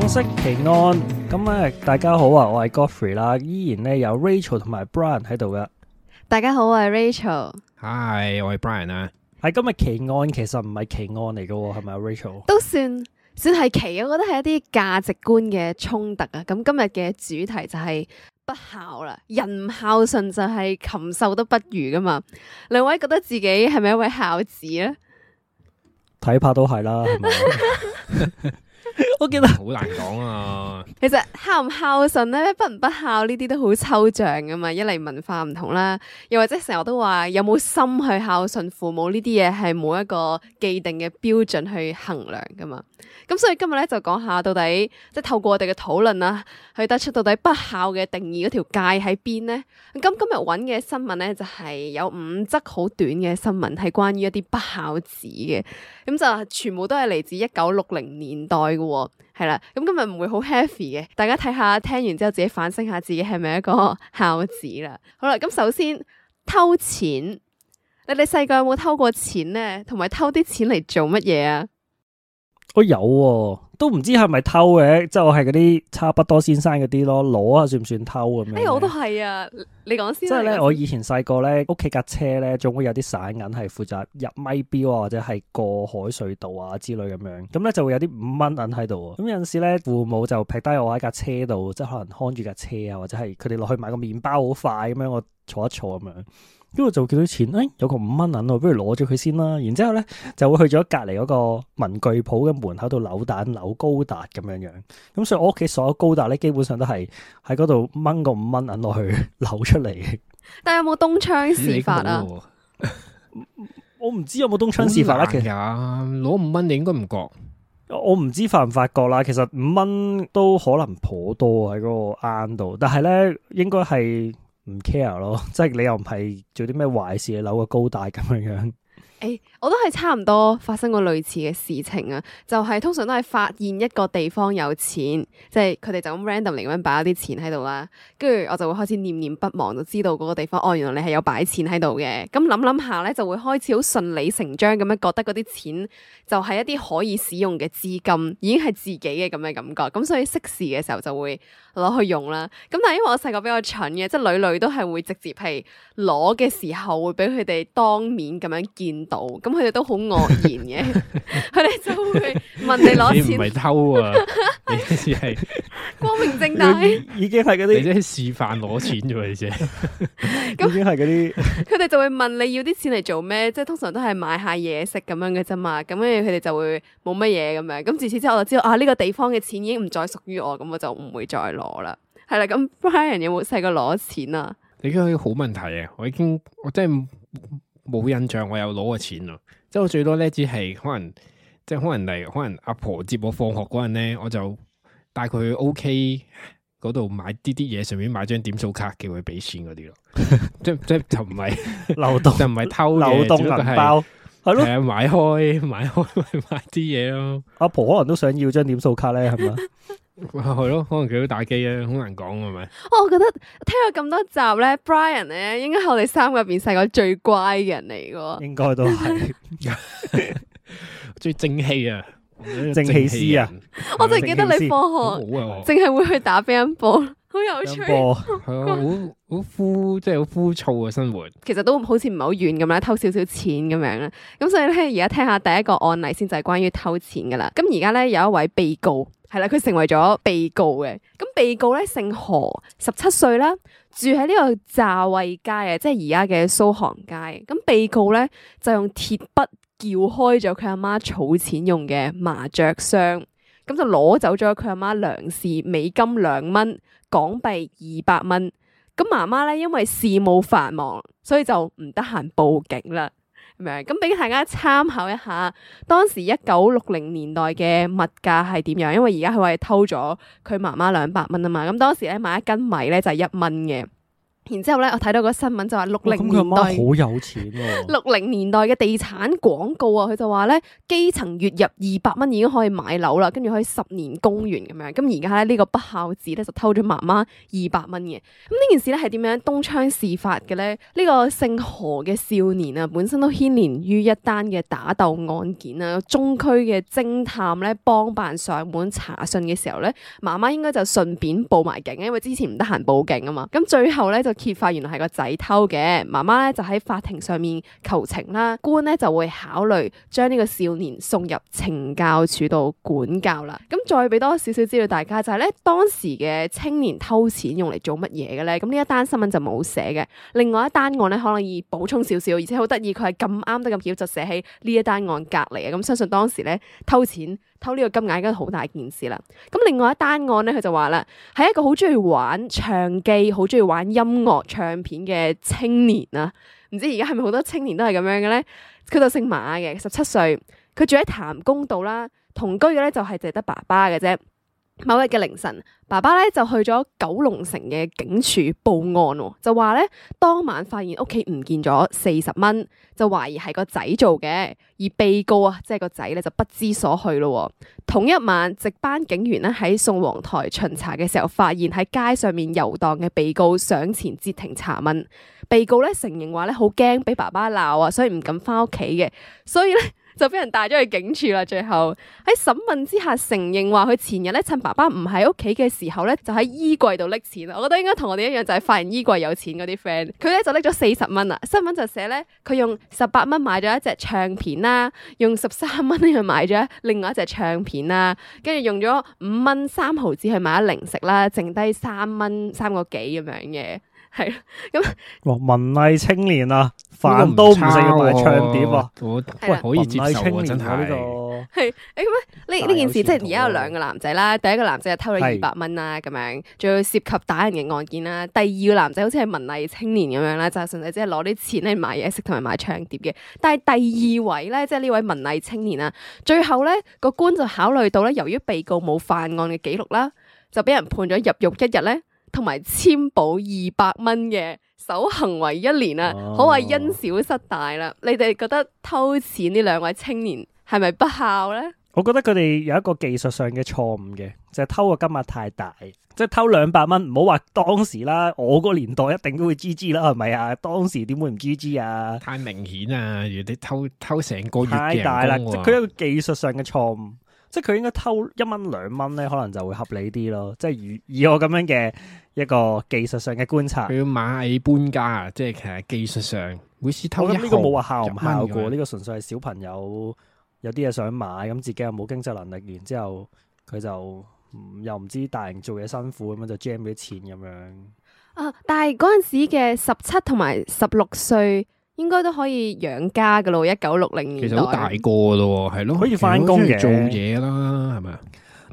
港識奇案，咁啊，大家好啊，我係 Godfrey 啦，依然咧有 Rachel 同埋 Brian 喺度噶。大家好，我係 Rachel。我 Hi，我係 Brian 啊。喺今日奇案，其實唔係奇案嚟噶，係咪 Rachel 都算算係奇啊，我覺得係一啲價值觀嘅衝突啊。咁今日嘅主題就係不孝啦，人唔孝順就係禽獸都不如噶嘛。兩位覺得自己係咪一位孝子啊？睇怕都係啦。是 我記得、嗯、啊，好難講啊。其實孝唔孝順咧，不唔不孝呢啲都好抽象噶嘛。一嚟文化唔同啦，又或者成日都話有冇心去孝順父母呢啲嘢，係冇一個既定嘅標準去衡量噶嘛。咁所以今日咧就講下到底，即係透過我哋嘅討論啦，去得出到底不孝嘅定義嗰條界喺邊咧？咁今日揾嘅新聞咧就係、是、有五則好短嘅新聞，係關於一啲不孝子嘅，咁就全部都係嚟自一九六零年代嘅、哦，係啦。咁今日唔會好 heavy 嘅，大家睇下，聽完之後自己反省下自己係咪一個孝子啦。好啦，咁首先偷錢，你哋細個有冇偷過錢咧？同埋偷啲錢嚟做乜嘢啊？都、哎、有、哦，都唔知係咪偷嘅？即係我係嗰啲差不多先生嗰啲咯，攞啊，算唔算偷咁樣？誒、哎，我都係啊，你講先、啊。即係咧，啊、我以前細個咧，屋企架車咧，總會有啲散銀係負責入咪錶，啊，或者係過海隧道啊之類咁樣。咁、嗯、咧就會有啲五蚊銀喺度，咁、嗯、有陣時咧父母就劈低我喺架車度，即係可能看住架車啊，或者係佢哋落去買個麵包好快咁樣，我坐一坐咁樣。因為就見到錢，誒、哎，有個五蚊銀咯，不如攞咗佢先啦。然之後咧，就會去咗隔籬嗰個文具鋪嘅門口度扭蛋扭高達咁樣樣。咁、嗯、所以，我屋企所有高達咧，基本上都係喺嗰度掹個五蚊銀落去扭出嚟。但係有冇東窗事發、嗯、啊？ 我唔知有冇東窗事發啦。其實攞五蚊你應該唔覺。我唔知發唔發覺啦。其實五蚊都可能頗多喺嗰個硬度，但係咧應該係。唔 care 咯，即係你又唔係做啲咩壞事，扭個高大咁樣樣。 我都係差唔多發生過類似嘅事情啊，就係、是、通常都係發現一個地方有錢，即係佢哋就咁 random 嚟咁樣擺咗啲錢喺度啦，跟住我就會開始念念不忘，就知道嗰個地方哦，原來你係有擺錢喺度嘅，咁諗諗下咧就會開始好順理成章咁樣覺得嗰啲錢就係一啲可以使用嘅資金，已經係自己嘅咁嘅感覺，咁、嗯、所以識時嘅時候就會攞去用啦。咁、嗯、但係因為我細個比較蠢嘅，即係屢屢都係會直接係攞嘅時候會俾佢哋當面咁樣見到。嗯。咁佢哋都好愕然嘅，佢哋 就會問你攞錢，唔係偷啊？呢次係光明正大，已經係嗰啲，或者示範攞錢啫。咁 已經係嗰啲，佢 哋就會問你要啲錢嚟做咩？即係通常都係買下嘢食咁樣嘅啫嘛。咁跟住佢哋就會冇乜嘢咁樣。咁自此之後我就知道啊，呢個地方嘅錢已經唔再屬於我，咁我就唔會再攞啦。係啦，咁 Brian 有冇細個攞錢啊？你啲係好問題啊！我已經我真係。冇印象，我有攞過錢咯，即係我最多咧，只係可能，即係可能嚟，可能阿婆接我放學嗰陣咧，我就帶佢去 O K 嗰度買啲啲嘢，上面買張點數卡叫佢俾錢嗰啲咯，即即就唔係漏洞，就唔係偷流動紅包係咯，係啊買開買開買啲嘢咯，阿婆可能都想要張點數卡咧，係嘛？ 係咯，可能佢都打機啊，好難講係咪？我覺得聽咗咁多集咧，Brian 咧，應該係我哋三個入邊細個最乖嘅人嚟噶喎。應該都係，最正氣啊，正氣師啊！我淨係記得你科學，淨係會去打乒乓波，好有趣。係啊，好好枯，即係好枯燥嘅生活。其實都好似唔係好遠咁樣，偷少少錢咁樣啦。咁所以咧，而家聽下第一個案例先，就係關於偷錢噶啦。咁而家咧有一位被告。係啦，佢成為咗被告嘅。咁被告咧，姓何，十七歲啦，住喺呢個乍畏街啊，即係而家嘅蘇杭街。咁被告咧就用鐵筆撬開咗佢阿媽儲錢用嘅麻雀箱，咁就攞走咗佢阿媽梁氏美金兩蚊港幣二百蚊。咁媽媽咧因為事務繁忙，所以就唔得閒報警啦。咁俾、嗯、大家參考一下，當時一九六零年代嘅物價係點樣？因為而家佢話偷咗佢媽媽兩百蚊啊嘛，咁當時咧買一斤米咧就係一蚊嘅。然之後咧，我睇到個新聞就話六零年代，好有錢啊。六零年代嘅地產廣告啊，佢就話咧基層月入二百蚊已經可以買樓啦，跟住可以十年供完咁樣。咁而家咧呢個不孝子咧就偷咗媽媽二百蚊嘅。咁呢件事咧係點樣東窗事發嘅咧？呢個姓何嘅少年啊，本身都牽連於一單嘅打鬥案件啊。中區嘅偵探咧幫辦上門查訊嘅時候咧，媽媽應該就順便報埋警，因為之前唔得閒報警啊嘛。咁最後咧就。都揭發原來係個仔偷嘅，媽媽咧就喺法庭上面求情啦。官咧就會考慮將呢個少年送入懲教處度管教啦。咁再俾多少少資料，大家就係咧，當時嘅青年偷錢用嚟做乜嘢嘅咧？咁呢一單新聞就冇寫嘅。另外一單案咧，可能要補充少少，而且好得意，佢係咁啱得咁巧就寫喺呢一單案隔籬啊。咁相信當時咧偷錢。偷呢個金額，已經好大件事啦。咁另外一單案咧，佢就話啦，係一個好中意玩唱機、好中意玩音樂唱片嘅青年啊。唔知而家係咪好多青年都係咁樣嘅咧？佢就姓馬嘅，十七歲，佢住喺譚公道啦，同居嘅咧就係淨係得爸爸嘅啫。某日嘅凌晨，爸爸咧就去咗九龍城嘅警署報案，就話咧當晚發現屋企唔見咗四十蚊，就懷疑係個仔做嘅。而被告啊，即係個仔咧就不知所去咯。同一晚，值班警員咧喺宋皇台巡查嘅時候，發現喺街上面遊蕩嘅被告，上前截停查問。被告咧承認話咧好驚俾爸爸鬧啊，所以唔敢翻屋企嘅。所以咧。 就俾人帶咗去警署啦。最後喺審問之下承認話，佢前日咧趁爸爸唔喺屋企嘅時候咧，就喺衣櫃度搦錢啦。我覺得應該同我哋一樣，就係發現衣櫃有錢嗰啲 friend。佢咧就拎咗四十蚊啦！新聞就寫咧，佢用十八蚊買咗一隻唱片啦，用十三蚊去買咗另外一隻唱片啦，跟住用咗五蚊三毫紙去買咗零食啦，剩低三蚊三個幾咁樣嘅。係咯，咁、啊嗯、文藝青年啊，飯都唔食買唱碟啊，喂、啊，好唔接受啊，真係係，咁樣呢，呢件事即係而家有兩個男仔啦，第一個男仔係偷咗二百蚊啦，咁是樣仲要涉及打人嘅案件啦，第二個男仔好似係文藝青年咁樣啦，就純粹即係攞啲錢嚟買嘢食同埋買唱碟嘅，但係第二位咧，即係呢位文藝青年啊，最後咧個官就考慮到咧，由於被告冇犯案嘅記錄啦，就俾人判咗入獄一日咧。同埋簽保二百蚊嘅守行為一年啊，可謂因小失大啦。你哋覺得偷錢呢兩位青年係咪不,不孝呢？我覺得佢哋有一個技術上嘅錯誤嘅，就係、是、偷嘅金額太大，即、就、係、是、偷兩百蚊。唔好話當時啦，我個年代一定都會 GG 啦，係咪啊？當時點會唔 GG 啊？太明顯啊！你偷偷成個月嘅金額，即佢、就是、一個技術上嘅錯誤。即係佢應該偷一蚊兩蚊咧，可能就會合理啲咯。即係如以我咁樣嘅一個技術上嘅觀察，佢要螞蟻搬家啊，即係其實技術上會試偷。我諗呢個冇話效唔效果，呢十元 個純粹係小朋友有啲嘢想買，咁自己又冇經濟能力，然之後佢就、嗯、又唔知大人做嘢辛苦，咁樣就 jam 啲錢咁樣。啊！但係嗰陣時嘅十七同埋十六歲。應該都可以養家噶咯，一九六零年，其實好大個咯，係咯，可以翻工做嘢啦，係咪啊？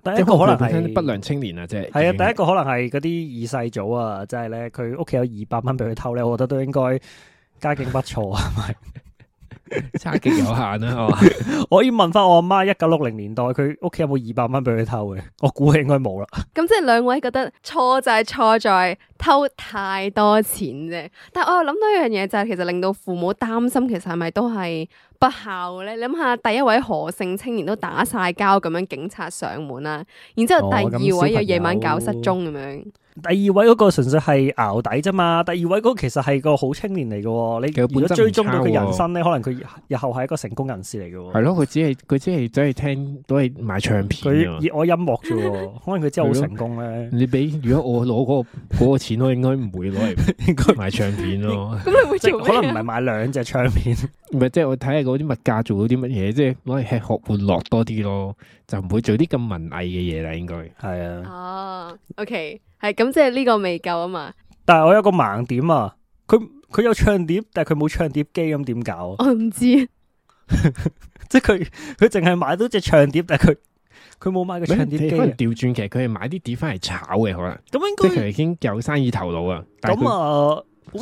第一個可能變啲不良青年啊，即係。係啊，第一個可能係嗰啲二世祖啊，即係咧，佢屋企有二百蚊俾佢偷咧，我覺得都應該家境不錯，係咪？差極有限啦、啊，係、哦、嘛 ？我可以問翻我阿媽，一九六零年代佢屋企有冇二百蚊俾佢偷嘅？我估係應該冇啦。咁即係兩位覺得錯就係錯在，錯在偷太多錢啫。但係我又諗到一樣嘢就係，其實令到父母擔心，其實係咪都係不孝咧？你諗下，第一位何姓青年都打晒交咁樣，警察上門啦、啊，然之後第二位、哦、又夜晚搞失蹤咁樣。第二位嗰個純粹係淆底啫嘛，第二位嗰個其實係個好青年嚟嘅。其實你如果追蹤到佢人生咧，啊、可能佢日後係一個成功人士嚟嘅。係咯，佢只係佢只係都係聽，都係買唱片。佢熱愛音樂啫，可能佢真係好成功咧。你俾如果我攞嗰個嗰個錢，我應該唔會攞嚟，應該買唱片咯。咁你會做？可能唔係買兩隻唱片，唔係即係我睇下嗰啲物價做到啲乜嘢，即係攞嚟吃喝，喝，喝，喝玩樂多啲咯。就唔會做啲咁文藝嘅嘢啦，應該係啊。哦、啊、，OK，係咁，即係呢個未夠啊嘛。但係我有個盲點啊，佢佢有唱碟，但係佢冇唱碟機咁點搞？我唔、哦、知，即係佢佢淨係買到隻唱碟，但係佢佢冇買個唱碟機、啊。可能調轉，其實佢係買啲碟翻嚟炒嘅可能。咁應該即係已經有生意頭腦啊。咁啊。即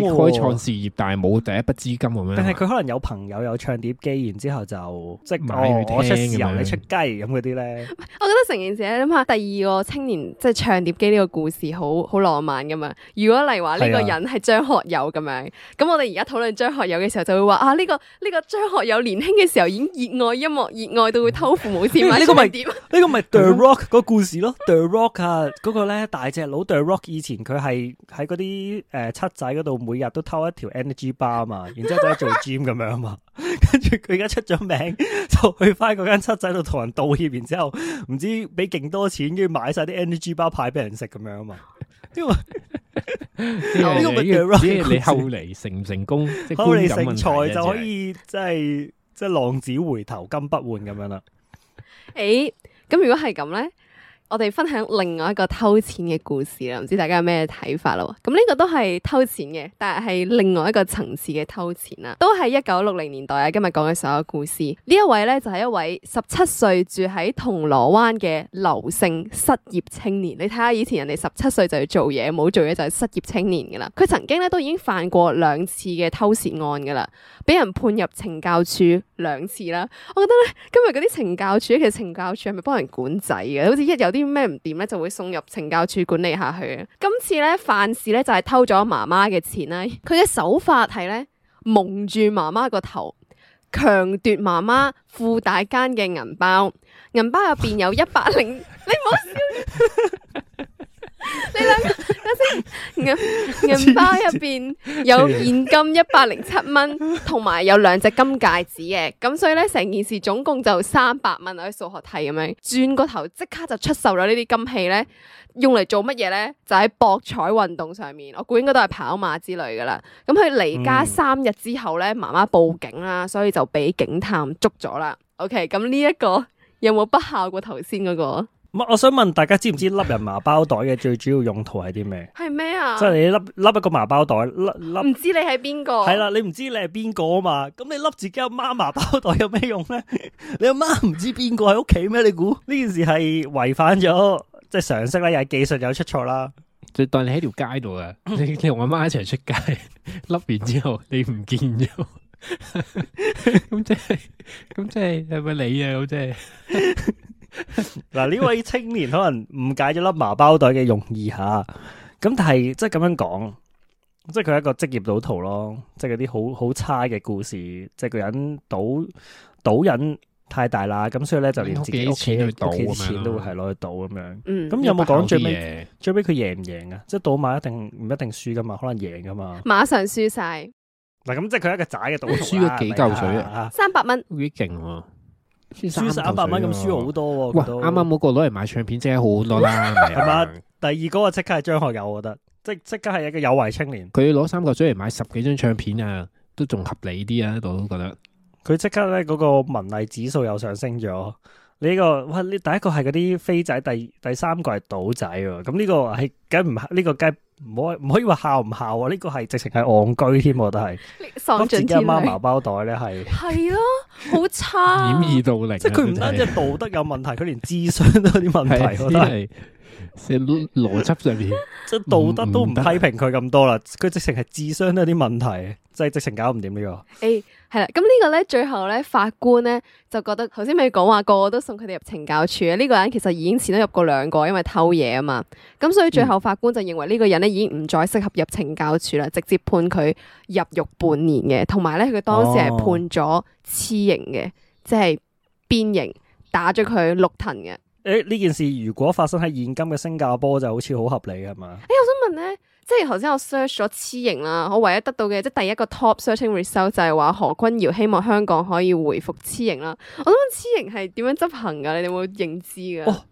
係開創事業，但係冇第一筆資金咁樣。但係佢可能有朋友有唱碟機，然之後就即係買去聽、哦、出豉油咁你出雞咁嗰啲咧。呢我覺得成件事咧，諗下第二個青年即係、就是、唱碟機呢個故事，好好浪漫噶嘛。如果例如話呢個人係張學友咁樣，咁、啊、我哋而家討論張學友嘅時候，就會話啊呢、這個呢、這個張學友年輕嘅時候已經熱愛音樂，熱愛到會偷父母錢買唱碟。呢 個咪 The Rock 個故事咯 ，The Rock 啊嗰、那個咧大隻佬 The Rock 以前佢係喺嗰啲誒七仔嗰度每日都偷一條 energy 包嘛，然之後做做 gym 咁樣嘛，跟住佢而家出咗名，就去翻嗰間七仔度同人道歉，然之後唔知俾勁多錢，跟住買晒啲 energy 包派俾人食咁樣嘛。呢個呢個咪叫，只要你後嚟成唔成功，後嚟成才就可以，即係即係浪子回頭金不換咁樣啦。誒，咁如果係咁咧？我哋分享另外一個偷錢嘅故事啦，唔知大家有咩睇法咯？咁、嗯、呢、這個都係偷錢嘅，但係係另外一個層次嘅偷錢啦。都係一九六零年代啊，今日講嘅所有故事呢，一位呢，就係、是、一位十七歲住喺銅鑼灣嘅劉姓失業青年。你睇下以前人哋十七歲就要做嘢，冇做嘢就係失業青年噶啦。佢曾經呢，都已經犯過兩次嘅偷錢案噶啦，俾人判入懲教處兩次啦。我覺得呢，今日嗰啲懲教處，其實懲教處係咪幫人管仔嘅？好似一有。啲咩唔掂咧，就會送入懲教署管理下去。今次咧，犯事咧就係偷咗媽媽嘅錢啦。佢嘅手法係咧，蒙住媽媽個頭，強奪媽媽褲帶間嘅銀包，銀包入邊有一百零，你唔好笑。 你兩個，等先銀銀包入邊有現金一百零七蚊，同埋有兩隻金戒指嘅。咁所以咧成件事總共就三百蚊，喺數學題咁樣轉個頭即刻就出售咗呢啲金器咧，用嚟做乜嘢咧？就喺博彩運動上面，我估應該都係跑馬之類噶啦。咁佢離家三日之後咧，媽媽報警啦，所以就俾警探捉咗啦。OK，咁呢一個有冇不孝過頭先嗰個？我想問大家知唔知笠人麻包袋嘅最主要用途係啲咩？係咩啊？即係你笠笠一個麻包袋，笠唔知你係邊個？係啦，你唔知你係邊個啊嘛？咁你笠自己阿媽麻包袋有咩用咧？ 你阿媽唔知邊個喺屋企咩？你估呢件事係違反咗即係常識咧，又係技術又出錯啦？就當你喺條街度啊，你你同阿媽一齊出街，笠完之後你唔見咗，咁即係，咁即係係咪你啊？咁即係。嗱，呢位青年可能誤解咗粒麻包袋嘅用意吓，咁但係即係咁樣講，即係佢係一個職業賭徒咯，即係嗰啲好好差嘅故事，即係個人賭賭癮太大啦，咁所以咧就連自己屋企嘅屋企錢都會係攞去賭咁樣，嗯，咁有冇講最尾最尾佢贏唔贏啊？即係賭馬一定唔一定輸噶嘛，可能贏噶嘛，馬上輸晒嗱，咁即係佢係一個仔嘅賭徒啦，輸咗幾嚿水啊，三百蚊，勁輸一百蚊咁輸好多，啊，哇嘩！啱啱嗰個攞嚟買唱片即係好多啦，係嘛 啊？ 第二嗰個即刻係張學友，我覺得，即即刻係一個有為青年。佢攞三個水嚟買十幾張唱片啊，都仲合理啲啊，我都覺得。佢即刻咧嗰，那個文藝指數又上升咗。呢，這個哇，你第一個係嗰啲飛仔，第第三個係賭仔，咁呢個係梗唔呢個唔可唔可以話孝唔孝 媽媽 啊？呢個係直情係戇居添，我都係咁自己媽麻包袋咧，係係咯，好差，掩耳盜鈴，啊。即係佢唔單止道德有問題，佢 連智商都有啲問題，真係邏輯上面，即係道德都唔批評佢咁多啦。佢直情係智商都有啲問題，即係直情搞唔掂呢個。係啦，咁呢個咧，最後咧，法官咧就覺得，頭先咪講話個個都送佢哋入懲教處嘅，呢、這個人其實已經前度入過兩個，因為偷嘢啊嘛，咁所以最後法官就認為呢個人咧已經唔再適合入懲教處啦，直接判佢入獄半年嘅，同埋咧佢當時係判咗黐刑嘅，哦、即係鞭刑，打咗佢六藤嘅。誒、欸，呢件事如果發生喺現今嘅新加坡就好似好合理嘅嘛？誒、欸，我想問咧。即係頭先我 search 咗黐刑啦，我唯一得到嘅即係第一個 top searching result 就係話何君堯希望香港可以回復黐刑啦。我想問黐刑係點樣執行噶？你哋有冇認知噶？哦，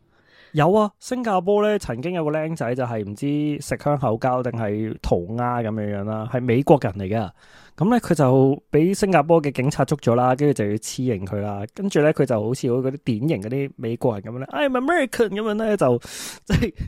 有啊，新加坡咧曾經有個靚仔就係唔知食香口膠定係塗鴉咁嘅樣啦，係美國人嚟噶。咁咧佢就俾新加坡嘅警察捉咗啦，跟住就要黐刑佢啦。跟住咧佢就好似嗰啲典型嗰啲美國人咁樣咧，哎，American 咁樣咧就即係。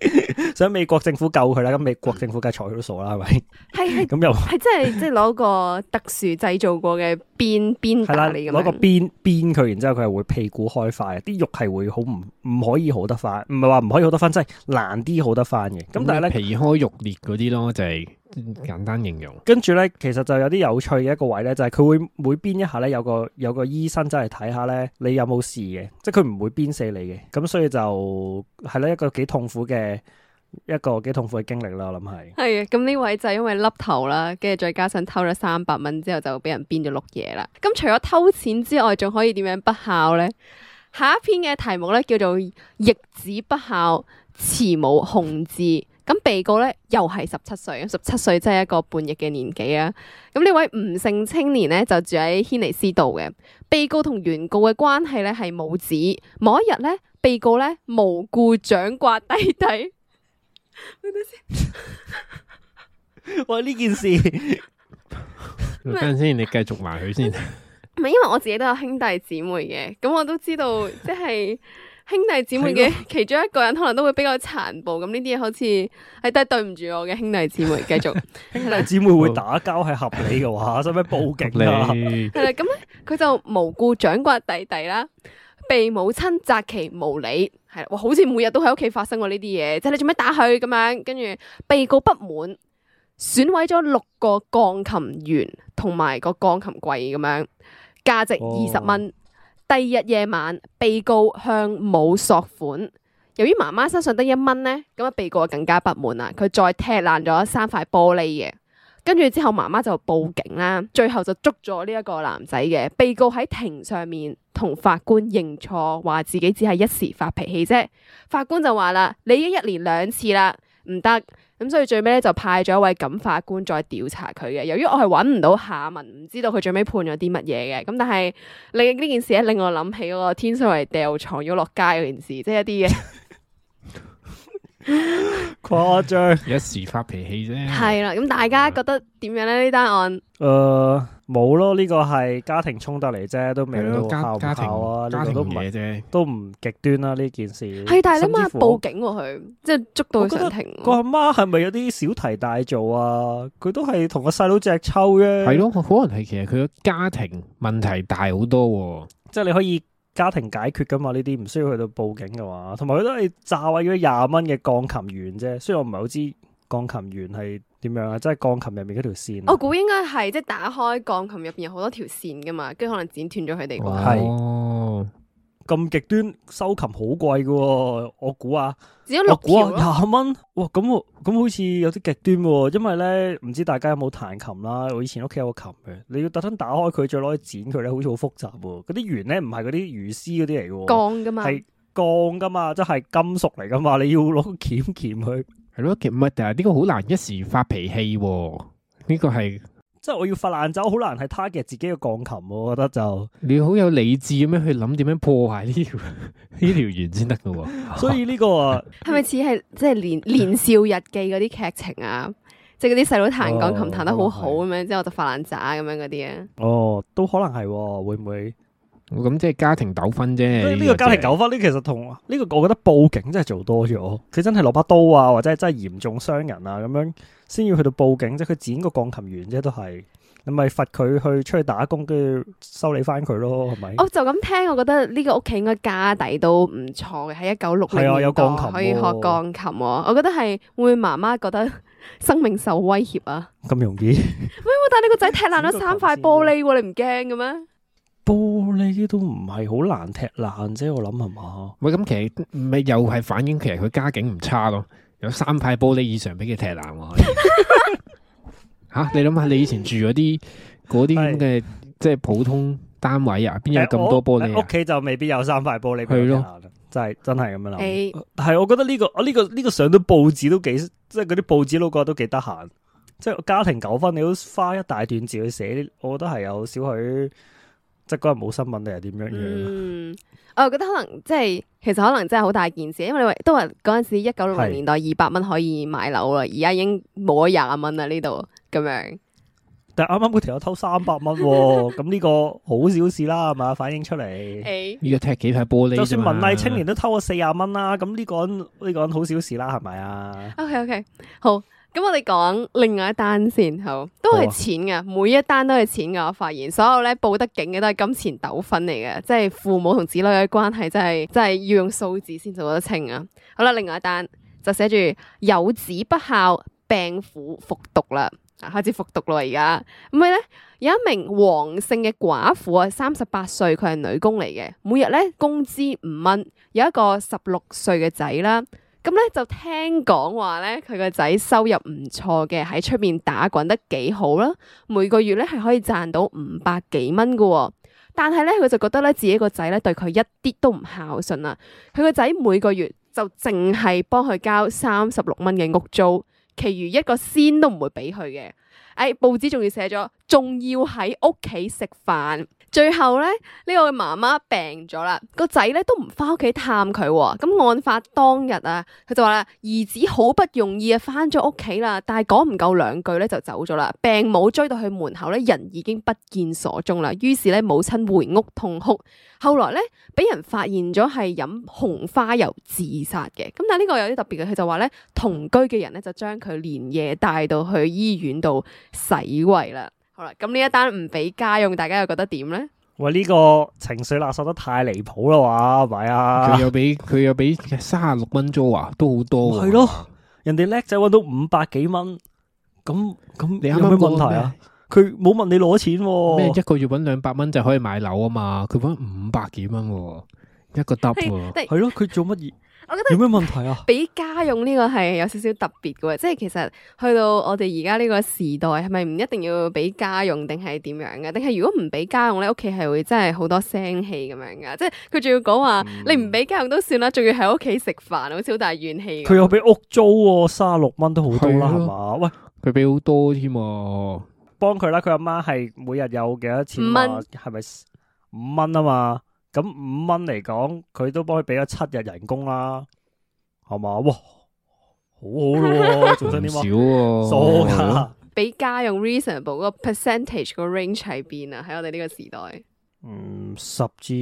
想美國政府救佢啦，咁美國政府梗係睬佢都傻啦，係咪？係係，咁又係真係即係攞個特殊製造過嘅鞭鞭，係啦，你攞個鞭鞭佢，然之後佢係會屁股開花，啲肉係會好唔唔可以好得翻，唔係話唔可以好得翻，即係難啲好得翻嘅。咁、嗯、但係咧皮開肉裂嗰啲咯，就係、是。簡單形容。跟住咧，其實就有啲有趣嘅一個位咧，就係、是、佢會每鞭一下咧，有個有個醫生就嚟睇下咧，你有冇事嘅？即係佢唔會鞭死你嘅。咁所以就係咧一個幾痛苦嘅一個幾痛苦嘅經歷啦。我諗係。係啊，咁呢位就係因為甩頭啦，跟住再加上偷咗三百蚊之後就俾人鞭咗碌嘢啦。咁除咗偷錢之外，仲可以點樣不孝咧？下一篇嘅題目咧叫做逆子不孝，慈母控之。咁被告咧又係十七歲，十七歲即係一個叛逆嘅年紀啊。咁呢位吳姓青年咧就住喺軒尼斯道嘅。被告同原告嘅關係咧係母子。某一日咧，被告咧無故掌摑弟弟。 等陣等先， 哇！呢件事，等陣先，你繼續埋佢先。唔係，因為我自己都有兄弟姊妹嘅，咁我都知道，即係。 兄弟姊妹嘅其中一個人可能都會比較殘暴，咁呢啲嘢好似係，但係對唔住我嘅兄弟姊妹，繼續 兄弟姊妹會打交係合理嘅話，使唔使報警啊？係啦理，咁咧佢就無故掌摑弟弟啦，被母親責其無理，係啦，好似每日都喺屋企發生過呢啲嘢，即係你做咩打佢咁樣？跟住被告不滿，損毀咗六個鋼琴弦同埋個鋼琴櫃咁樣，價值二十蚊。哦第二日夜晚，被告向母索款。由於媽媽身上得一蚊咧，咁啊，被告更加不滿啦。佢再踢爛咗三塊玻璃嘅，跟住之後媽媽就報警啦。最後就捉咗呢一個男仔嘅被告。喺庭上面同法官認錯，話自己只係一時發脾氣啫。法官就話啦：你已經一年兩次啦，唔得。咁所以最尾咧就派咗一位咁法官再調查佢嘅。由於我係揾唔到下文，唔知道佢最尾判咗啲乜嘢嘅。咁但係令呢件事咧令我諗起嗰個天水圍掉床要落街嗰件事，即係、就是、一啲嘅。誇張有時發脾氣啫，係啦。 咁大家覺得點樣咧？呢單案誒，冇咯，呢個係家庭衝突嚟啫，都未到、啊、家家庭啊，家庭嘢啫，都唔極端啦、啊。呢件事係，但係你媽報警佢、啊，即係、啊、捉到上庭、啊。個阿媽係咪有啲小題大做啊？佢都係同個細佬隻抽啫。係咯，可能係其實佢個家庭問題大好多、啊，即係你可以。家庭解決噶嘛？呢啲唔需要去到報警嘅話，同埋佢都係炸毀咗廿蚊嘅鋼琴弦啫。雖然我唔係好知鋼琴弦係點樣啊，即係鋼琴入面嗰條線。我估應該係，即係打開鋼琴入面有好多條線噶嘛，跟住可能剪斷咗佢哋啩。係。咁極端收琴好貴㗎喎、哦，我估啊，我估啊，廿蚊。哇，咁咁好似有啲極端喎、哦，因為咧唔知大家有冇彈琴啦、啊？我以前屋企有個琴嘅，你要特登打開佢，再攞去剪佢咧，好似好複雜喎、哦。嗰啲弦咧唔係嗰啲魚絲嗰啲嚟㗎，鋼㗎嘛，係鋼㗎嘛，即係金屬嚟㗎嘛，你要攞個鉗鉗佢。係咯，鉗乜？但係呢個好難一時發脾氣喎、哦，呢、呢個係。即係我要發爛渣，好難係 target 自己嘅鋼琴、啊，我覺得就你好有理智咁樣去諗點樣破壞呢條呢條弦先得嘅。所以呢個啊 是是是，係咪似係即係年年少日記嗰啲劇情啊？即係嗰啲細佬彈鋼琴彈得好好咁樣，之、哦、後就發爛渣咁樣嗰啲啊？哦，都可能係、哦，會唔會？咁即係家庭糾紛啫。呢、嗯這個家庭糾紛呢，其實同呢個我覺得報警真係做多咗。佢真係攞把刀啊，或者真係嚴重傷人啊，咁樣先要去到報警。即係佢剪個鋼琴完，即係都係，唔咪罰佢去出去打工，跟住修理翻佢咯，係咪？我就咁聽，我覺得呢個屋企應該家底都唔錯嘅，喺一九六係啊，有鋼琴、啊。可以學鋼琴、啊。我覺得係會，會媽媽覺得生命受威脅啊？咁容易？喂，但係你個仔踢爛咗三塊玻璃、啊，你唔驚嘅咩？玻璃啲都唔係好難踢爛啫，我諗係嘛？喂，咁其實咪又係反映其實佢家境唔差咯。有三塊玻璃以上俾佢踢爛喎、啊。吓、 啊，你諗下你以前住嗰啲啲咁嘅即係普通單位啊，邊有咁多玻璃、啊？屋企、欸、就未必有三塊玻璃、啊。係對咯真，真係真係咁樣諗。係，我覺得呢、這個呢、啊這個呢、這個上到報紙都幾，即係嗰啲報紙都覺得都幾得閒。即係家庭糾紛，你都花一大段字去寫，我覺得係有少許。即嗰日冇新聞定係點樣嘅？嗯，我覺得可能即係其實可能真係好大件事，因為你都話嗰陣時一九六零年代二百蚊可以買樓啦，而家是已經冇咗廿蚊啦呢度咁樣。但啱啱嗰條友偷三百蚊，咁呢 個好小事啦，係嘛？反映出嚟，依家踢幾塊玻璃，就算文藝青年都偷咗四十蚊啦，咁呢個呢、呢個好小事啦，係咪啊？OK OK，好。咁我哋講另外一單先，好都係錢噶，哦、每一單都係錢噶。我發現所有咧報得警嘅都係金錢糾紛嚟嘅，即係父母同子女嘅關係，真係真係要用數字先做得清啊！好啦，另外一單就寫住有子不孝，病父服毒啦，開始服毒咯而家。咁係咧，有一名王姓嘅寡婦啊，三十八歲，佢係女工嚟嘅，每日咧工資五蚊，有一個十六歲嘅仔啦。咁咧就聽講話咧，佢個仔收入唔錯嘅，喺出面打滾得幾好啦，每個月咧係可以賺到五百幾蚊嘅。但係咧，佢就覺得咧自己個仔咧對佢一啲都唔孝順啦。佢個仔每個月就淨係幫佢交三十六蚊嘅屋租，其餘一個仙都唔會俾佢嘅。哎，報紙仲要寫咗。仲要喺屋企食飯，最後咧呢，這個媽媽病咗啦，個仔咧都唔翻屋企探佢。咁案發當日啊，佢就話啦，兒子好不容易啊翻咗屋企啦，但係講唔夠兩句咧就走咗啦，病母追到去門口咧，人已經不見所蹤啦。於是咧母親回屋痛哭。後來咧俾人發現咗係飲紅花油自殺嘅。咁但係呢個有啲特別嘅，佢就話咧同居嘅人咧就將佢連夜帶到去醫院度洗胃啦。好啦，咁呢一單唔俾家用，大家又覺得點咧？哇，呢個情緒勒索得太離譜啦，話係啊！佢又俾佢又俾三十六蚊租啊，都好多。係咯，人哋叻仔搵到五百幾蚊，咁咁你剛剛有咩問題啊？佢冇問你攞錢，咩一個月搵兩百蚊就可以買樓啊嘛？佢搵五百幾蚊，一個 W。o u 係咯，佢做乜嘢？我覺得有咩問題啊？俾家用呢個係有少少特別嘅，即係其實去到我哋而家呢個時代，係咪唔一定要俾家用定係點樣嘅？定係如果唔俾家用咧，屋企係會真係好多聲氣咁樣噶？即係佢仲要講話，嗯、你唔俾家用都算啦，仲要喺屋企食飯，好似好大怨氣。佢又俾屋租喎，啊，卅六蚊都好多啦，係嘛啊？喂，佢俾好多添元啊！幫佢啦，佢阿媽係每日有幾多錢？五蚊係咪？五蚊啊嘛！咁五蚊嚟講，佢都幫佢俾咗七日人工啦，係嘛？哇，好好咯、啊，做真啲話？少啊，俾 So, 家用 reasonable 嗰個 percentage 個 range 喺邊啊？喺我哋呢個時代。嗯，十至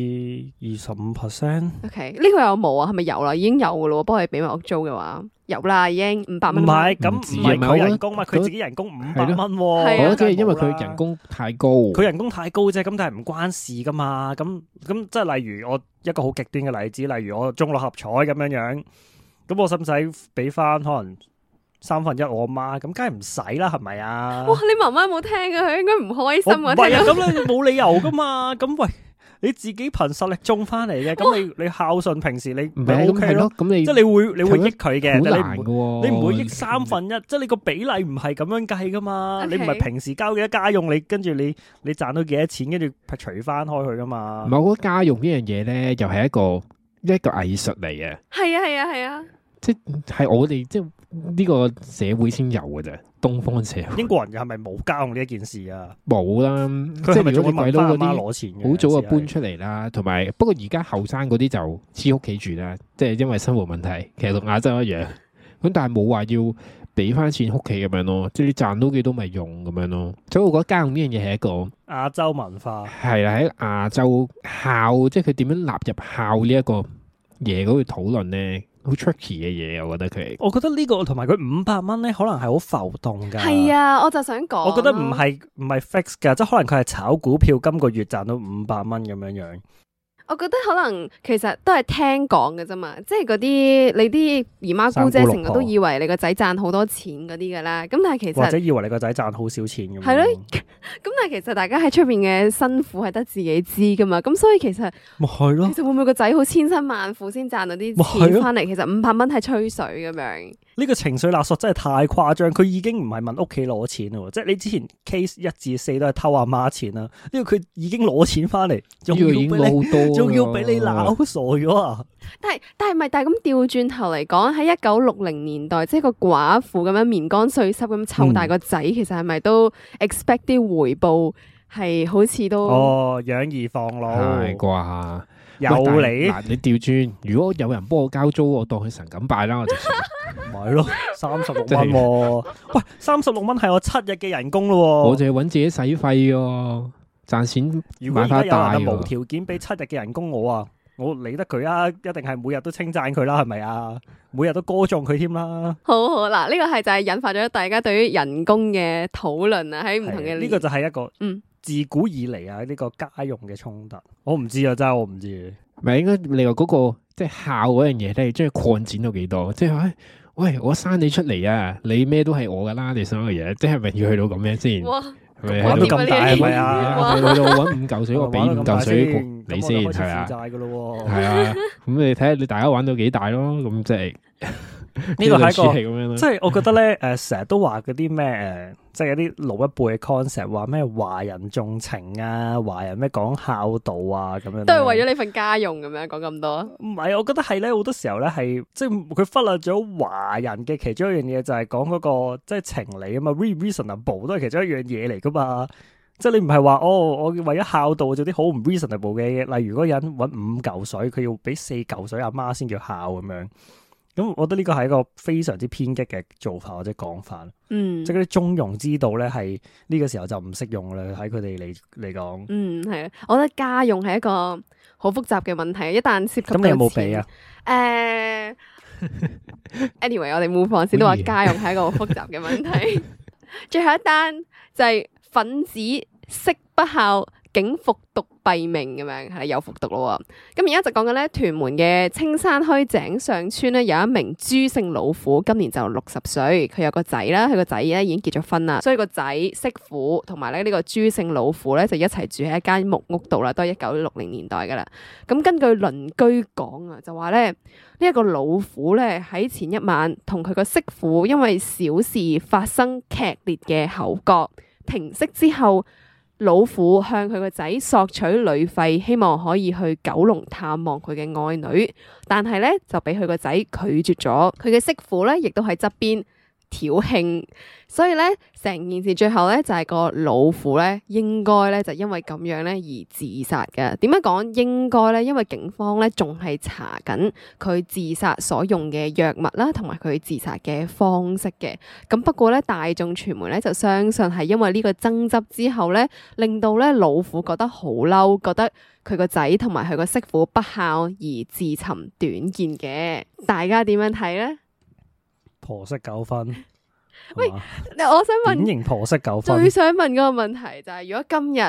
二十五 percent。OK，呢個有冇啊？係咪有啦？已經有噶啦，幫佢俾埋屋租嘅話，有啦，已經五百蚊。唔係咁，唔係佢人工嘛？佢自己人工五百蚊。O K，因為佢人工太高。佢人工太高啫，咁但係唔關事噶嘛。咁咁即係例如我一個好極端嘅例子，例如我中六合彩咁樣樣，咁我使唔使俾翻？可能？三分一我媽，咁梗係唔使啦，係咪啊？哇！你媽媽冇聽啊，佢應該唔開心。唔係啊，咁你冇理由噶嘛？咁喂，你自己憑實力中翻嚟嘅，咁你你孝順平時你唔係 OK 咯？咁你即係你會你會益佢嘅，好難噶喎！你唔會益三分一，即係你個比例唔係咁樣計噶嘛？你唔係平時交幾多家用，你跟住你你賺到幾多錢，跟住排除翻開佢噶嘛？唔係，我覺得家用呢樣嘢咧，又係一個一個藝術嚟嘅。係啊，係啊，係啊。即係我哋即係呢個社會先有嘅啫，東方社會。英國人又係咪冇家用呢一件事啊？冇啦，即係咪做鬼佬嗰啲？好早就搬出嚟啦，同埋不過而家後生嗰啲就黐屋企住啦，即係因為生活問題，其實同亞洲一樣咁，但係冇話要俾翻錢屋企咁樣咯，即係你賺到幾多咪用咁樣咯。所以我覺得家用呢樣嘢係一個亞洲文化，係啦喺亞洲孝，即係佢點樣納入孝呢一個嘢嗰度討論呢。好 tricky 嘅嘢，我覺得佢。我覺得呢個同埋佢五百蚊咧，可能係好浮動㗎。係啊，我就想講。我覺得唔係唔係 fixed 㗎，即係可能佢係炒股票，今個月賺到五百蚊咁樣樣。我覺得可能其實都係聽講嘅啫嘛，即係嗰啲你啲姨媽姑姐成日都以為你個仔賺好多錢嗰啲㗎啦，咁但係其實或者以為你個仔賺好少錢咁，係咯。咁但係其實大家喺出邊嘅辛苦係得自己知㗎嘛，咁所以其實咪係咯。其實會唔會個仔好千辛萬苦先賺到啲錢返嚟？其實五百蚊係吹水咁樣。呢個情緒勒索真係太誇張，佢已經唔係問屋企攞錢咯，即係你之前 case 一至四都係偷阿媽，媽錢啦，呢個佢已經攞錢翻嚟，仲要俾好多，又要俾你鬧傻咗啊！但係但係唔但係咁調轉頭嚟講，喺一九六零年代，即係個寡婦咁樣棉乾絮濕咁湊大個仔，嗯、其實係咪都 expect 啲回報係好似都哦養兒防老，太怪。有理？但你掉轉，如果有人幫我交租，我當佢神咁拜啦，我哋咪咯，三十六蚊。喂，三十六蚊係我七日嘅人工咯。我淨係搵自己使費，賺錢。如果有人無條件俾七日嘅人工我啊，我理得佢啊，一定係每日都稱讚佢啦，係咪啊？每日都歌頌佢添啦。好好嗱，呢個係就係引發咗大家對於人工嘅討論啊！喺唔同嘅呢個就係一個嗯。自古以嚟啊，呢個家用嘅衝突，我唔知啊，真係我唔知。唔係應該你話嗰個即係孝嗰樣嘢咧，將佢擴展到幾多？即係喂，我生你出嚟啊，你咩都係我噶啦，你所有嘢，即係咪要去到咁樣先？玩到咁大係咪啊？去到揾五嚿水，我俾五嚿水你先係啊。咁你睇下你大家玩到幾大咯？咁即係呢個係一個，即係 我覺得咧誒，成日都話嗰啲咩誒。即係有啲老一輩嘅 concept，話咩華人重情啊，華人咩講孝道啊，咁樣都係為咗呢份家用咁樣講咁多。唔係，我覺得係咧，好多時候咧係，即係佢忽略咗華人嘅其中一樣嘢，那個，就係講嗰個即係情理啊嘛，reasonable re 都係其中一樣嘢嚟噶嘛。即係你唔係話哦，我為咗孝道做啲好唔 reasonable 嘅嘢，例如嗰人搵五嚿水，佢要俾四嚿水阿媽先叫孝咁樣。咁，我覺得呢個係一個非常之偏激嘅做法或者講法，嗯，即係嗰啲中庸之道咧，係呢個時候就唔適用啦，喺佢哋嚟嚟講。嗯，係啊，我覺得家用係一個好複雜嘅問題，一旦涉及咁你有冇俾啊？誒 anyway 我哋冇放錢，都話家用係一個好複雜嘅問題。 最後一單就係粉子媳不孝，警服毒。弊命咁樣係有服毒咯喎。咁而家就講緊咧，屯門嘅青山墟井上村咧，有一名朱姓老婦，今年就六十歲，佢有個仔啦，佢個仔咧已經結咗婚啦，所以個仔媳婦同埋咧呢個朱姓老婦咧就一齊住喺一間木屋度啦，都係一九六零年代噶啦。咁根據鄰居講啊，就話咧呢一個老婦咧喺前一晚同佢個媳婦因為小事發生劇烈嘅口角，停息之後。老婦向佢個仔索取旅費，希望可以去九龍探望佢嘅愛女，但係呢就俾佢個仔拒絕咗。佢嘅媳婦呢亦都喺側邊挑釁，所以咧，成件事最後咧，就係個老虎咧，應該咧，就因為咁樣咧，而自殺嘅。點樣講應該咧？因為警方咧仲係查緊佢自殺所用嘅藥物啦，同埋佢自殺嘅方式嘅。咁不過咧，大眾傳媒咧，就相信係因為呢個爭執之後咧，令到咧，老虎覺得好嬲，覺得佢個仔同埋佢個媳婦不孝而自尋短見嘅。大家點樣睇咧？婆媳糾紛，喂，吧我想問典型婆媳糾紛，最想問個問題就係、是，如果今日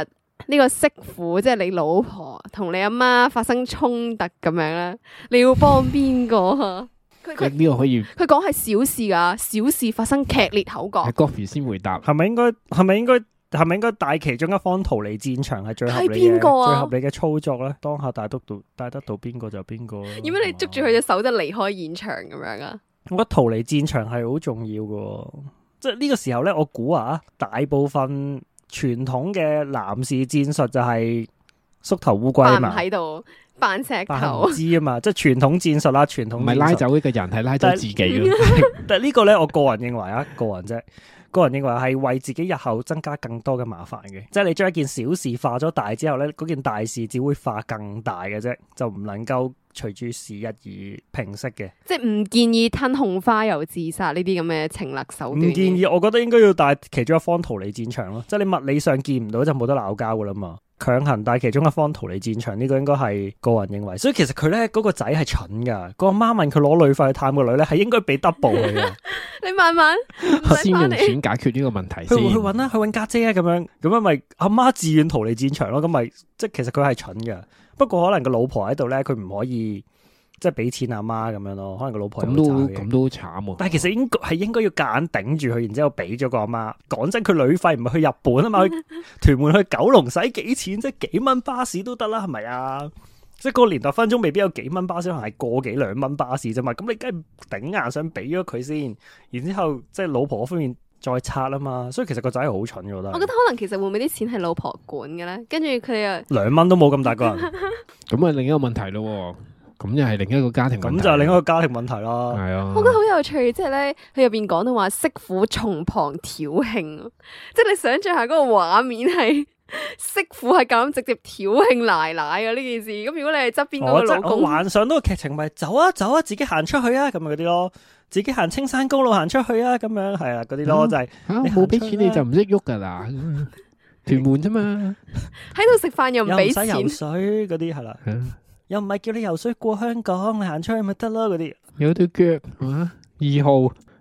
呢個媳婦即係你老婆同你阿媽發生衝突咁樣咧，你要幫邊個啊？佢呢 個可以，佢講係小事噶，小事發生劇烈口角。係 Godfrey 先回答，係咪 應該？係咪應該？係咪應該？帶其中一方逃離戰場係最合理嘅，啊、最合理嘅操作咧。當下帶得到帶得到邊個就邊個。點解你捉住佢隻手就離開現場咁樣啊？我覺得逃離戰場係好重要嘅、哦，即係呢個時候咧，我估啊，大部分傳統嘅男士戰術就係縮頭烏龜啊嘛，喺度扮石頭，知啊嘛，即係傳統戰術啦，傳統唔係拉走呢個人，係拉走自己咯。但個呢個咧，我個人認為啊，個人啫，個人認為係 為，為自己日後增加更多嘅麻煩嘅，即係你將一件小事化咗大之後咧，嗰件大事只會化更大嘅啫，就唔能夠。隨住時日而平息嘅，即係唔建議吞紅花油自殺呢啲咁嘅情勒手段。唔建議，我覺得應該要帶其中一方逃離戰場咯，即係你物理上見唔到就冇得鬧交噶啦嘛。強行帶其中一方逃離戰場呢、呢個應該係個人認為。所以其實佢咧嗰個仔係蠢噶，個阿媽問佢攞旅費去探個女咧係應該俾 double 佢嘅。 你慢慢， 用 先用錢解決呢個問題 先去、啊，去搵啦、啊，去搵家姐咁樣，咁樣咪阿媽自願逃離戰場咯，咁咪即係其實佢係蠢噶。不過可能個老婆喺度咧，佢唔可以即係俾錢阿媽咁樣咯。可能個老婆咁都咁都慘啊，但係其實應係應該要夾硬頂住佢，然之後俾咗個阿媽。講真，佢旅費唔係去日本啊嘛，去屯門去九龍使幾錢？即係幾蚊巴士都得啦，係咪啊？即係個年代分鐘未必有幾蚊巴士，可能係個幾兩蚊巴士啫嘛。咁你梗係頂硬上俾咗佢先，然之後即係老婆嗰方面。再拆啊嘛，所以其實個仔係好蠢嘅，我覺得。我覺得可能其實會唔會啲錢係老婆管嘅咧，跟住佢又兩蚊都冇咁大個人，咁啊 另一個問題咯，咁又係另一個家庭，咁就係另一個家庭問題咯，係啊。我覺得好有趣，即係咧佢入邊講到話，媳婦從旁挑釁，即係你想象下嗰個畫面係。媳婦係咁直接挑釁奶奶啊！呢件事咁，如果你係側邊嗰個老公，我幻想到個劇情咪走啊走啊，自己行出去啊咁咪嗰啲咯，自己行青山公路行出去啊咁樣係啦嗰啲咯就係你冇俾、啊啊、錢你就唔識喐噶啦， 屯門啫嘛，喺度食飯又唔俾錢，又唔使游水嗰啲係啦，又唔係叫你游水過香港，你行出去咪得咯嗰啲，有對腳啊二號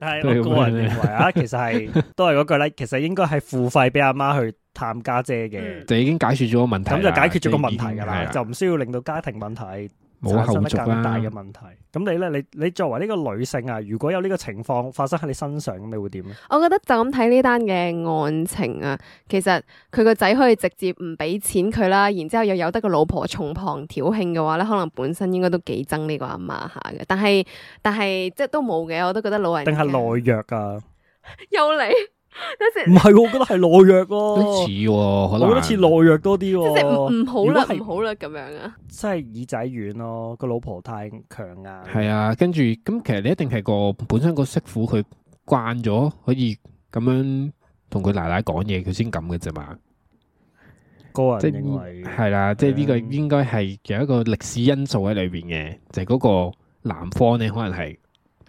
係我個人認為啊，其實係都係嗰句咧，其實應該係付費俾阿媽去。探家姐嘅就已經解決咗個問題，咁就解決咗個問題噶啦，就唔需要令到家庭問題冇後續、啊、大嘅問題，咁你咧，你你，你作為呢個女性啊，如果有呢個情況發生喺你身上，你會點咧？我覺得就咁睇呢單嘅案情啊，其實佢個仔可以直接唔俾錢佢啦，然之後又有得個老婆從旁挑釁嘅話咧，可能本身應該都幾憎呢個阿媽下嘅。但係但係即係都冇嘅，我都覺得老人定係懦弱啊， 又嚟。唔係，我覺得係懦弱咯、啊，似、哦，可能似懦弱多啲、啊，即係唔好啦，唔好啦咁樣啊，真係耳仔軟咯，個老婆太強啊，係啊，跟住咁、嗯、其實你一定係個本身個媳婦佢慣咗，可以咁樣同佢奶奶講嘢，佢先咁嘅啫嘛，個人認為係啦、嗯啊，即係呢個應該係有一個歷史因素喺裏邊嘅，就係、是、嗰個男方咧可能係。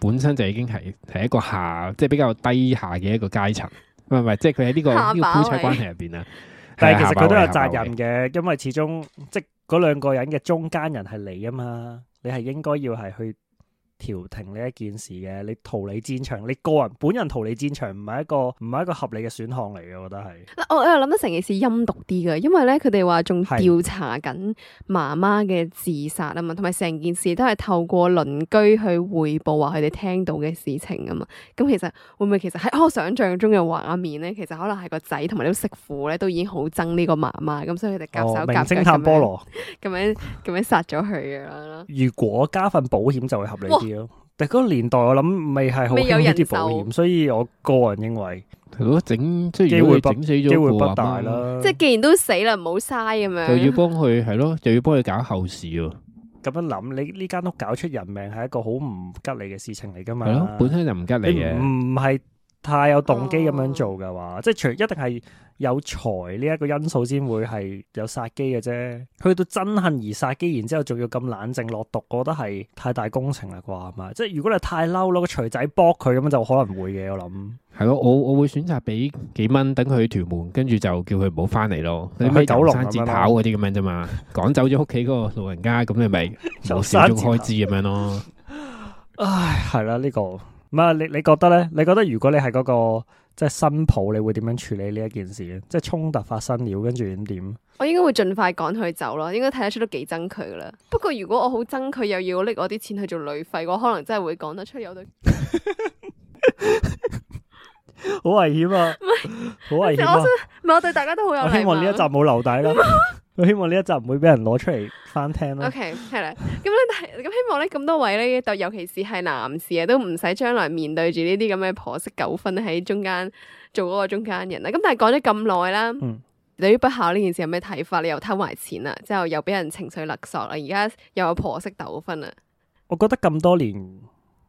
本身就已經係係一個下，即係比較低下嘅一個階層，唔係唔係，即係佢喺呢個呢個夫妻關係入邊啊，但係其實佢都有責任嘅，因為始終，為始終即係嗰兩個人嘅中間人係你啊嘛，你係應該要係去。調停呢一件事嘅，你逃離戰場，你個人本人逃離戰場，唔係一個唔係一個合理嘅選項嚟嘅，我覺得係。我我又諗得成件事陰毒啲嘅，因為咧佢哋話仲調查緊媽媽嘅自殺啊嘛，同埋成件事都係透過鄰居去匯報話佢哋聽到嘅事情啊嘛。咁、嗯、其實會唔會其實喺我想象中嘅畫面咧，其實可能係個仔同埋呢啲媳婦咧都已經好憎呢個媽媽，咁所以佢哋夾手夾腳咁樣咁樣殺咗佢啦。如果加份保險就會合理啲。但嗰個年代我諗未係好有一啲保險，所以我個人認為係咯，整死咗機會不大啦。即係既然都死啦，唔好嘥咁樣。就要幫佢係咯，就要幫佢搞後事。咁樣諗，你呢間屋搞出人命係一個好唔吉利嘅事情嚟噶嘛？係咯，本身就唔吉利嘅。唔係。太有動機咁樣做嘅話，即係除一定係有財呢一個因素先會係有殺機嘅啫。去到憎恨而殺機，然之後仲要咁冷靜落毒，我覺得係太大工程啦啩，係嘛？即係如果你太嬲咯，個錘仔搏佢咁樣就可能會嘅。我諗係咯，我我會選擇俾幾蚊等佢屯門，跟住就叫佢唔好返嚟咯。你咪走落山折跑嗰啲咁樣啫嘛？趕走咗屋企個老人家，咁你咪有少少開支咁樣咯。 前 唉，係啦呢個。唔啊，你你覺得咧？你覺得如果你係嗰、嗰個即係新抱，你會點樣處理呢一件事？即係衝突發生了，跟住點點？我應該會盡快趕佢走咯，應該睇得出都幾憎佢啦。不過如果我好憎佢，又要搦我啲錢去做旅費，我可能真係會講得出有對，好危險啊！好唔係 危險啊 我！我對大家都好有希望，希望呢一集冇留底啦。 我希望呢一集唔會俾人攞出嚟翻聽啦。OK，係啦，咁咧，但係咁希望咧，咁多位咧，尤其是係男士啊，都唔使將來面對住呢啲咁嘅婆媳糾紛喺中間做嗰個中間人啦。咁但係講咗咁耐啦，嗯，對於不孝呢件事有咩睇法？你又偷埋錢啦，之後又俾人情緒勒索啦，而家又有婆媳糾紛啦。我覺得咁多年，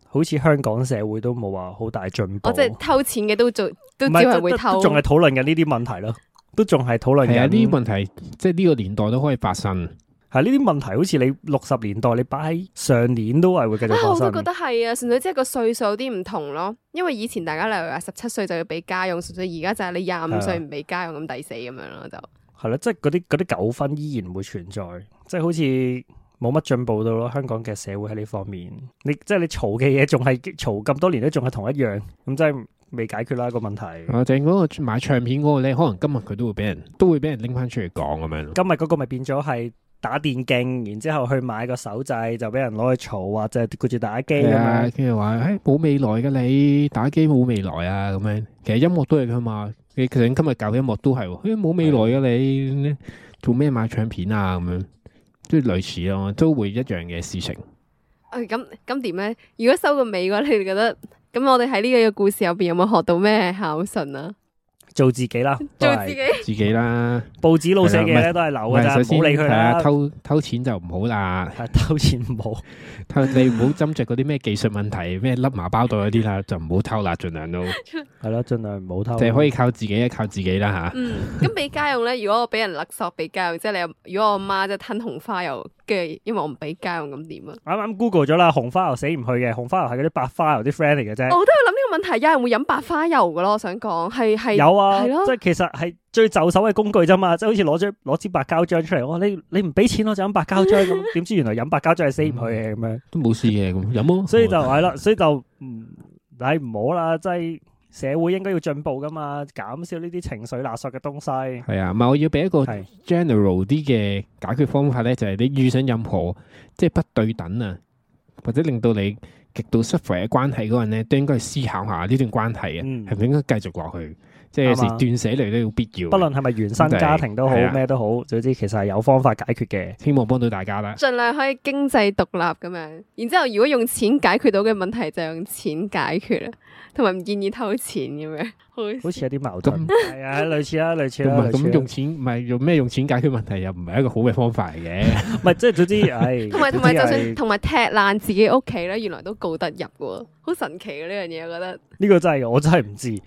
好似香港社會都冇話好大進步。我即係偷錢嘅都做，都只係會偷，仲係討論緊呢啲問題咯。都仲係討論。係呢啲問題，即係呢個年代都可以發生。係呢啲問題，好似你六十年代你擺喺上年都係會繼續發生、啊、我都覺得係啊，純粹即係個歲數有啲唔同咯。因為以前大家例如話十七歲就要俾家用，所以而家就係你廿五歲唔俾家用咁抵死咁樣咯。就係咯，即係嗰啲嗰啲糾紛依然會存在。即係好似冇乜進步到咯。香港嘅社會喺呢方面，你即係你嘈嘅嘢仲係嘈咁多年都仲係同一樣咁即係。未解決啦，嗰個問題。我、啊、整嗰個買唱片嗰、嗰個咧，可能今日佢都會俾人都會俾人拎翻出嚟講咁樣。今日嗰個咪變咗係打電競，然之後去買個手掣就俾人攞去嘈，或者攰住打機咁，啊、樣，跟住話，誒、欸、冇未來㗎，你打機冇未來啊咁樣。其實音樂都係㗎嘛，你其實今日搞音樂都係，誒、欸、冇未來㗎你的做咩買唱片啊咁樣，都類似咯，都會一樣嘅事情。誒咁咁點咧？如果收個尾嘅話，你哋覺得？咁我哋喺呢個嘅故事入邊有冇學到咩孝順啊？做自己啦，做自己，自己啦。報紙老細嘅都係流噶咋，唔好先理佢偷偷錢就唔好啦，偷錢唔好。偷你唔好斟酌嗰啲咩技術問題，咩甩麻包袋嗰啲啦，就唔好偷啦，盡量都係咯，盡 量唔好偷。即係可以靠自己，靠自己啦吓。嗯，咁俾家用咧，如果我俾人勒索俾家用，即係你，如果我阿媽即係吞紅花油。因為我唔俾家用咁點啊？啱啱 Google 咗啦，紅花油死唔去嘅，紅花油係嗰啲白花油啲 friend 嚟嘅啫。我都喺度諗呢個問題，有人會飲白花油嘅咯。我想講係係有啊，係咯、啊，即係其實係最就手嘅工具啫嘛，即係好似攞張攞支白膠漿出嚟、哦，你你唔俾錢我就飲白膠漿咁，點 知原來飲白膠漿係死唔去嘅咁、嗯、樣，都冇事嘅、啊、咁，有麼？所以就係啦，所以就唔，係唔好啦，即係。真社會應該要進步㗎嘛，減少呢啲情緒垃圾嘅東西。係啊，唔係我要俾一個 general 啲嘅解決方法咧，是就係你遇上任何即係不對等啊，或者令到你極度 suffer 嘅關係嗰個人咧，都應該去思考下呢段關係啊，係咪係應該繼續過去？即係有時斷捨離都要必要，吧不論係咪原生家庭都好，咩吧都好，總之其實係有方法解決嘅，希望幫到大家啦。盡量可以經濟獨立咁樣，然之後如果用錢解決到嘅問題，就用錢解決啦，同埋唔建議偷錢咁樣。好似有啲矛盾，係啊那， 類似啊，類似啦。咁 用錢唔係用咩用錢解決問題又唔係一個好嘅方法嚟嘅。係即係總之係同埋同埋就算同埋踢爛自己屋企咧，原來都告得入嘅，好神奇呢樣嘢，我覺得呢個真係我真係唔知呢、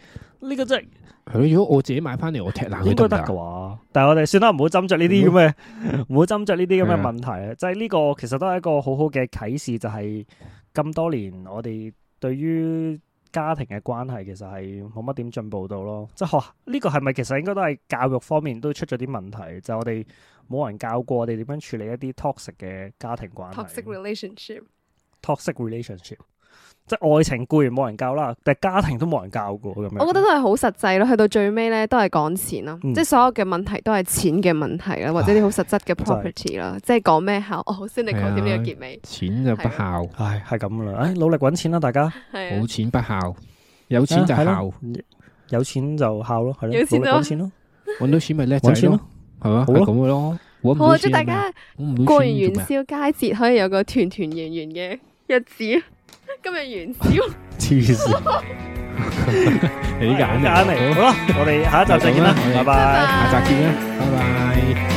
呢個真係。 係咯，如果我自己買翻嚟，我踢爛應該得噶喎。但係我哋算啦，唔好斟酌呢啲咁嘅，唔好 斟酌呢啲咁嘅問題。即係呢個其實都係一個好好嘅啟示，就係、是、咁多年我哋對於家庭嘅關係，其實係冇乜點進步到咯。即係，嗬，呢個係咪其實應該都係教育方面都出咗啲問題？就係、我哋冇人教過我哋點樣處理一啲 toxic 嘅家庭關係。toxic relationship。To 即係愛情固然冇人教啦，但係家庭都冇人教過咁樣。我覺得都係好實際咯，去到最尾咧都係講錢咯，即係所有嘅問題都係錢嘅問題啦，或者啲好實質嘅 property 啦，即係講咩孝，我好先你講點呢個結尾。錢就不孝，係係咁噶啦，誒，努力搵錢啦，大家，冇錢不孝，有錢就孝，有錢就孝咯，係咯，有錢就搵咯，搵到錢咪叻，搵錢咯，係嘛，就咁咯，祝大家過完元宵佳節，可以有個團團圓圓嘅日子。今日完，啊，屌，黐線 起眼嚟，好啦，我哋下一集再見啦，拜拜，下集見啦，拜拜。